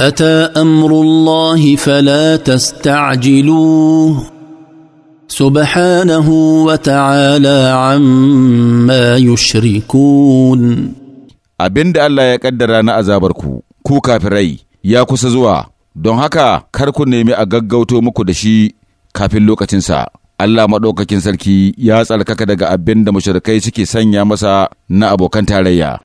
اتى امر الله فلا تستعجلوه سبحانه وتعالى عما يشركون abin da Allah ya ƙaddara na azabarku, ku kafirai, ya kusa zuwa, don haka kar ku nemi a gaggauto muku da shi kafin lokacinsa. Allah maɗaukakin sarki ya tsarkaka daga abin da mashirkai suke sanya masa na abokan tarayya.